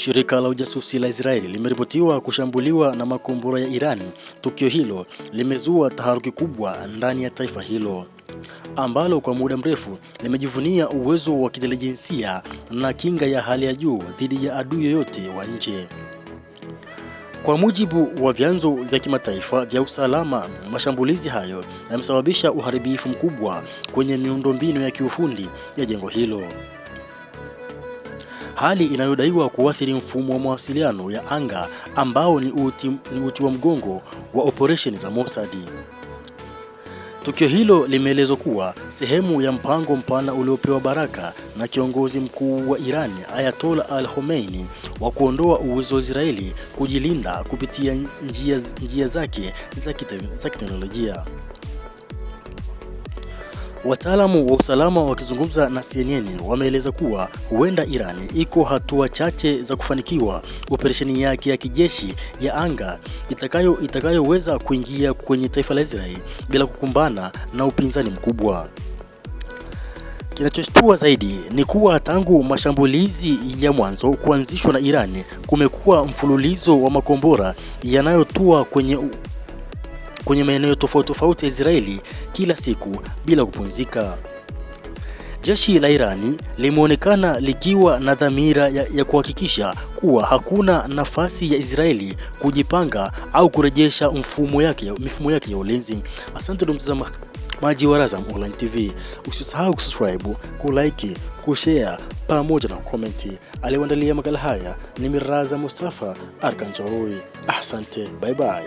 Shirika la ujasusi la Israeli limeripotiwa kushambuliwa na makombora ya Iran. Tukio hilo limezua taharuki kubwa ndani ya taifa hilo ambalo kwa muda mrefu limejivunia uwezo wa kitelijensia na kinga ya hali ya juu dhidi ya adui yoyote wa nje. Kwa mujibu wa vyanzo vya kimataifa vya usalama, mashambulizi hayo yamesababisha uharibifu mkubwa kwenye miundombinu ya kiufundi ya jengo hilo hali inayodaiwa kuathiri mfumo wa mawasiliano ya anga ambao ni uti, ni uti wa mgongo wa operesheni za Mossad. Tukio hilo limeelezwa kuwa sehemu ya mpango mpana uliopewa baraka na kiongozi mkuu wa Iran Ayatollah Al-Khomeini wa kuondoa uwezo wa Israeli kujilinda kupitia njia, njia zake za kiteknolojia. Wataalamu wa usalama wakizungumza na CNN wameeleza kuwa huenda Iran iko hatua chache za kufanikiwa operesheni yake ya kijeshi ya anga itakayo itakayoweza kuingia kwenye taifa la Israeli bila kukumbana na upinzani mkubwa. Kinachoshtua zaidi ni kuwa tangu mashambulizi ya mwanzo kuanzishwa na Irani, kumekuwa mfululizo wa makombora yanayotua kwenye kwenye maeneo tofauti tofauti ya Israeli kila siku bila kupumzika. Jeshi la Irani limeonekana likiwa na dhamira ya, ya kuhakikisha kuwa hakuna nafasi ya Israeli kujipanga au kurejesha mfumo yake, mifumo yake ya ulinzi. Asante ndugu mtazamaji wa Razam Online TV, usisahau kusubscribe, kulike, kushare pamoja na kukomenti. Aliyoandalia makala haya ni Miraza Mustafa Arkanjaui. Asante, bye bye.